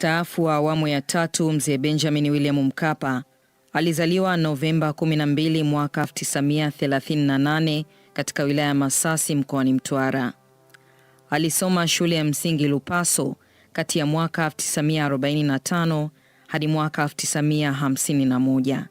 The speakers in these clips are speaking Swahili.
mstaafu wa awamu ya tatu mzee Benjamin William Mkapa alizaliwa Novemba 12 mwaka 1938 katika wilaya ya Masasi mkoani Mtwara. Alisoma shule ya msingi Lupaso kati ya mwaka 1945 hadi mwaka 1951.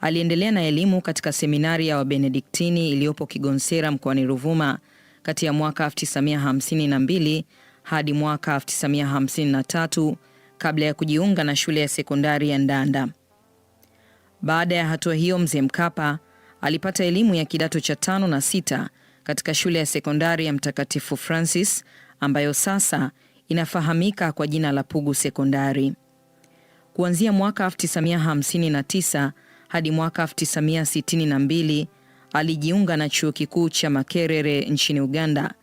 Aliendelea na elimu katika seminari ya Wabenediktini iliyopo Kigonsera mkoani Ruvuma kati ya mwaka 1952 hadi mwaka 1953 kabla ya kujiunga na shule ya sekondari ya Ndanda. Baada ya hatua hiyo, Mzee Mkapa alipata elimu ya kidato cha tano na sita katika shule ya sekondari ya Mtakatifu Francis ambayo sasa inafahamika kwa jina la Pugu Sekondari. Kuanzia mwaka 1959 hadi mwaka 1962 alijiunga na chuo kikuu cha Makerere nchini Uganda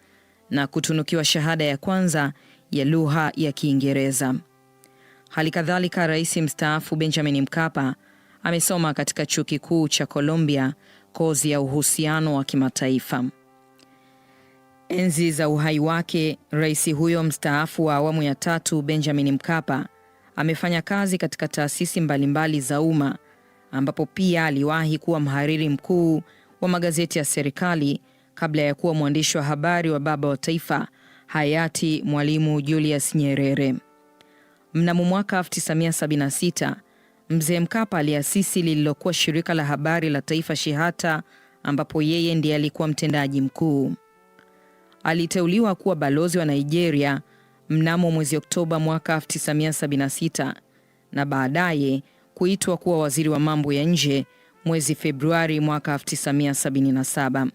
na kutunukiwa shahada ya kwanza ya lugha ya Kiingereza. Hali kadhalika, rais mstaafu Benjamin Mkapa amesoma katika chuo kikuu cha Columbia kozi ya uhusiano wa kimataifa. Enzi za uhai wake, rais huyo mstaafu wa awamu ya tatu Benjamin Mkapa amefanya kazi katika taasisi mbalimbali za umma ambapo pia aliwahi kuwa mhariri mkuu wa magazeti ya serikali kabla ya kuwa mwandishi wa habari wa baba wa taifa hayati Mwalimu Julius Nyerere. Mnamo mwaka 1976 Mzee Mkapa aliasisi lililokuwa shirika la habari la taifa Shihata, ambapo yeye ndiye alikuwa mtendaji mkuu. Aliteuliwa kuwa balozi wa Nigeria mnamo mwezi Oktoba mwaka 1976 na baadaye kuitwa kuwa waziri wa mambo ya nje mwezi Februari mwaka 1977.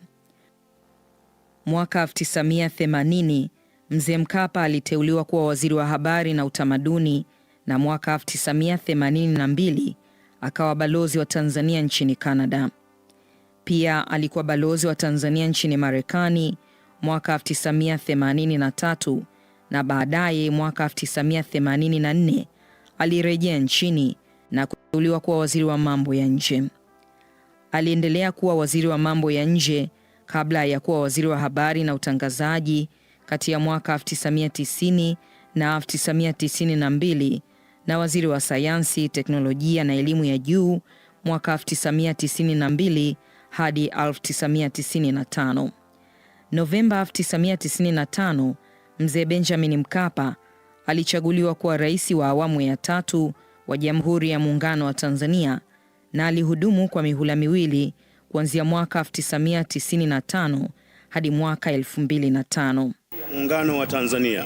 Mwaka 1980 Mzee Mkapa aliteuliwa kuwa waziri wa habari na utamaduni na mwaka 1982 akawa balozi wa Tanzania nchini canada Pia alikuwa balozi wa Tanzania nchini Marekani mwaka 1983 na baadaye mwaka 1984 alirejea nchini na kuteuliwa kuwa waziri wa mambo ya nje. Aliendelea kuwa waziri wa mambo ya nje kabla ya kuwa waziri wa habari na utangazaji kati ya mwaka 1990 na 1992 na waziri wa sayansi, teknolojia na elimu ya juu mwaka 1992 hadi 1995. Novemba 1995, mzee Benjamin Mkapa alichaguliwa kuwa rais wa awamu ya tatu wa Jamhuri ya Muungano wa Tanzania na alihudumu kwa mihula miwili kuanzia mwaka 1995 hadi mwaka 2005. Muungano wa Tanzania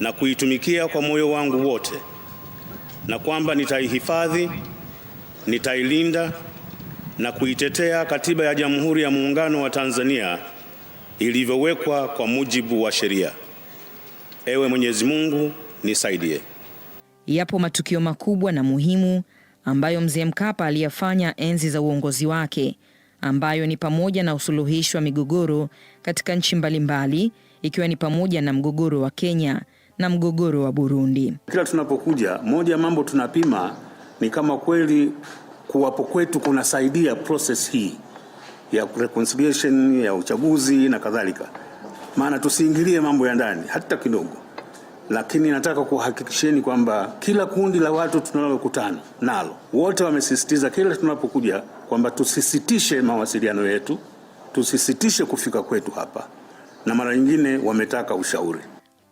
na kuitumikia kwa moyo wangu wote, na kwamba nitaihifadhi, nitailinda na kuitetea Katiba ya Jamhuri ya Muungano wa Tanzania ilivyowekwa kwa mujibu wa sheria. Ewe Mwenyezi Mungu nisaidie. Yapo matukio makubwa na muhimu ambayo mzee Mkapa aliyafanya enzi za uongozi wake, ambayo ni pamoja na usuluhishi wa migogoro katika nchi mbalimbali, ikiwa ni pamoja na mgogoro wa Kenya na mgogoro wa Burundi. Kila tunapokuja, moja ya mambo tunapima ni kama kweli kuwapo kwetu kunasaidia process hii ya reconciliation ya uchaguzi na kadhalika, maana tusiingilie mambo ya ndani hata kidogo lakini nataka kuhakikisheni kwamba kila kundi la watu tunalokutana nalo wote wamesisitiza kila tunapokuja kwamba tusisitishe mawasiliano yetu, tusisitishe kufika kwetu hapa, na mara nyingine wametaka ushauri.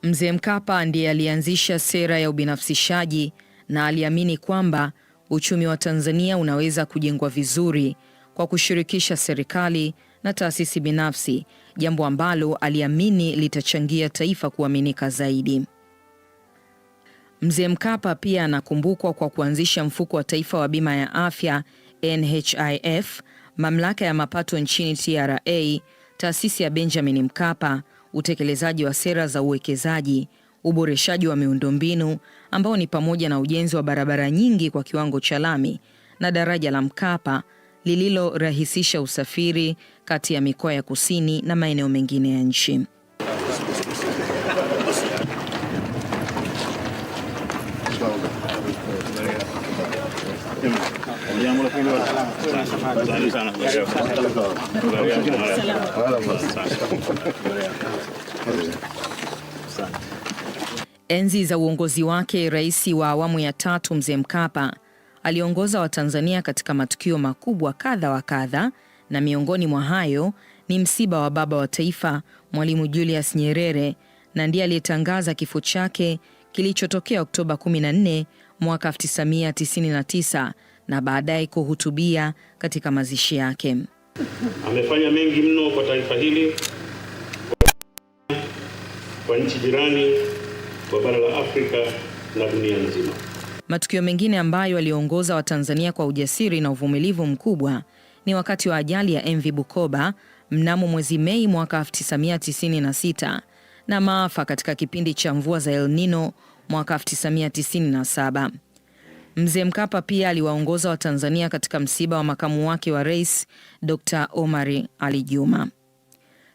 Mzee Mkapa ndiye alianzisha sera ya ubinafsishaji na aliamini kwamba uchumi wa Tanzania unaweza kujengwa vizuri kwa kushirikisha serikali na taasisi binafsi, jambo ambalo aliamini litachangia taifa kuaminika zaidi. Mzee Mkapa pia anakumbukwa kwa kuanzisha mfuko wa taifa wa bima ya afya NHIF, mamlaka ya mapato nchini TRA, taasisi ya Benjamin Mkapa, utekelezaji wa sera za uwekezaji, uboreshaji wa miundombinu ambao ni pamoja na ujenzi wa barabara nyingi kwa kiwango cha lami na daraja la Mkapa lililorahisisha usafiri kati ya mikoa ya kusini na maeneo mengine ya nchi. Enzi za uongozi wake, rais wa awamu ya tatu Mzee Mkapa aliongoza Watanzania katika matukio makubwa kadha wa kadha, na miongoni mwa hayo ni msiba wa baba wa taifa Mwalimu Julius Nyerere, na ndiye aliyetangaza kifo chake kilichotokea Oktoba 14 mwaka 1999 na baadaye kuhutubia katika mazishi yake. Amefanya mengi mno kwa taifa hili, kwa nchi jirani, kwa bara la Afrika na dunia nzima. Matukio mengine ambayo aliongoza Watanzania kwa ujasiri na uvumilivu mkubwa ni wakati wa ajali ya MV Bukoba mnamo mwezi Mei mwaka 1996 na maafa katika kipindi cha mvua za El Nino mwaka 1997. Mzee Mkapa pia aliwaongoza Watanzania katika msiba wa makamu wake wa rais Dr. Omar Ali Juma.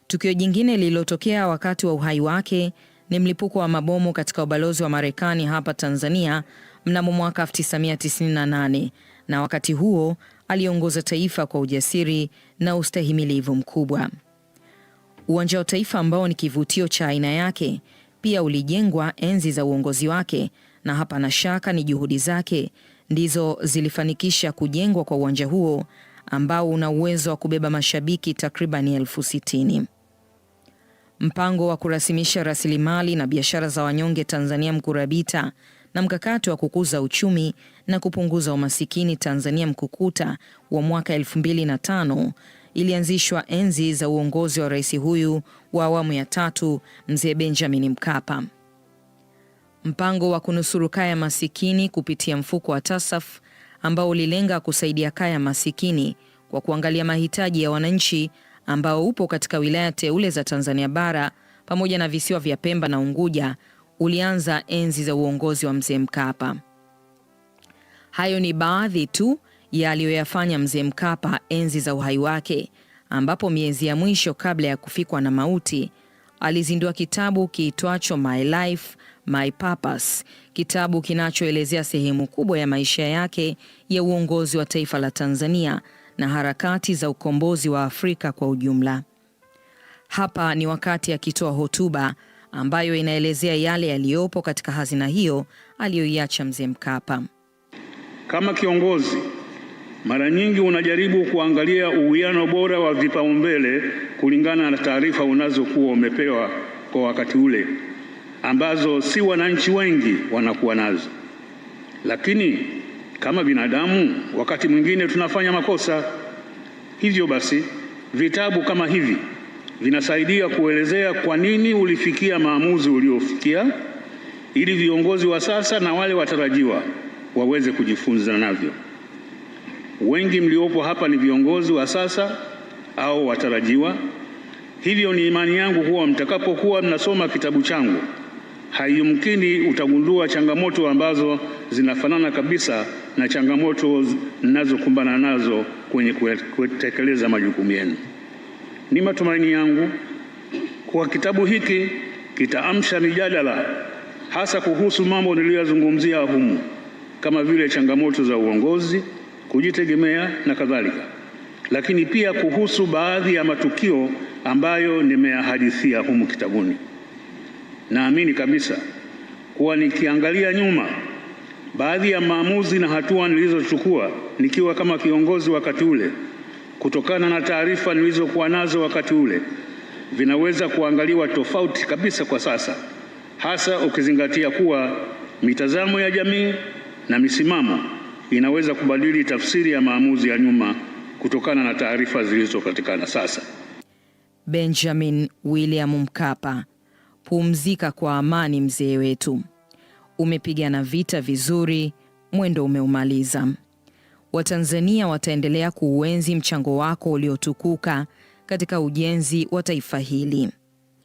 Tukio jingine lililotokea wakati wa uhai wake ni mlipuko wa mabomu katika ubalozi wa Marekani hapa Tanzania mnamo mwaka 1998 na wakati huo aliongoza taifa kwa ujasiri na ustahimilivu mkubwa. Uwanja wa Taifa ambao ni kivutio cha aina yake pia ulijengwa enzi za uongozi wake na hapana shaka ni juhudi zake ndizo zilifanikisha kujengwa kwa uwanja huo ambao una uwezo wa kubeba mashabiki takriban elfu sitini. Mpango wa kurasimisha rasilimali na biashara za wanyonge Tanzania Mkurabita na mkakati wa kukuza uchumi na kupunguza umasikini Tanzania Mkukuta wa mwaka 2005 ilianzishwa enzi za uongozi wa rais huyu wa awamu ya tatu Mzee Benjamin Mkapa. Mpango wa kunusuru kaya masikini kupitia mfuko wa TASAF ambao ulilenga kusaidia kaya masikini kwa kuangalia mahitaji ya wananchi ambao upo katika wilaya teule za Tanzania bara pamoja na visiwa vya Pemba na Unguja ulianza enzi za uongozi wa Mzee Mkapa. Hayo ni baadhi tu ya aliyoyafanya Mzee Mkapa enzi za uhai wake, ambapo miezi ya mwisho kabla ya kufikwa na mauti alizindua kitabu kiitwacho My Life My Purpose, kitabu kinachoelezea sehemu kubwa ya maisha yake ya uongozi wa taifa la Tanzania na harakati za ukombozi wa Afrika kwa ujumla. Hapa ni wakati akitoa hotuba ambayo inaelezea yale yaliyopo katika hazina hiyo aliyoiacha Mzee Mkapa. Kama kiongozi, mara nyingi unajaribu kuangalia uwiano bora wa vipaumbele kulingana na taarifa unazokuwa umepewa kwa wakati ule ambazo si wananchi wengi wanakuwa nazo, lakini kama binadamu wakati mwingine tunafanya makosa. Hivyo basi vitabu kama hivi vinasaidia kuelezea kwa nini ulifikia maamuzi uliofikia, ili viongozi wa sasa na wale watarajiwa waweze kujifunza navyo. Wengi mliopo hapa ni viongozi wa sasa au watarajiwa. Hivyo ni imani yangu kuwa mtakapokuwa mnasoma kitabu changu haiyumkini utagundua changamoto ambazo zinafanana kabisa na changamoto ninazokumbana nazo kwenye kutekeleza majukumu yenu. Ni matumaini yangu kuwa kitabu hiki kitaamsha mijadala hasa kuhusu mambo niliyoyazungumzia humu kama vile changamoto za uongozi, kujitegemea na kadhalika, lakini pia kuhusu baadhi ya matukio ambayo nimeyahadithia humu kitabuni. Naamini kabisa kuwa nikiangalia nyuma, baadhi ya maamuzi na hatua nilizochukua nikiwa kama kiongozi wakati ule, kutokana na taarifa nilizokuwa nazo wakati ule, vinaweza kuangaliwa tofauti kabisa kwa sasa, hasa ukizingatia kuwa mitazamo ya jamii na misimamo inaweza kubadili tafsiri ya maamuzi ya nyuma kutokana na taarifa zilizopatikana sasa. Benjamin William Mkapa pumzika kwa amani mzee wetu, umepigana vita vizuri, mwendo umeumaliza. Watanzania wataendelea kuuenzi mchango wako uliotukuka katika ujenzi wa taifa hili.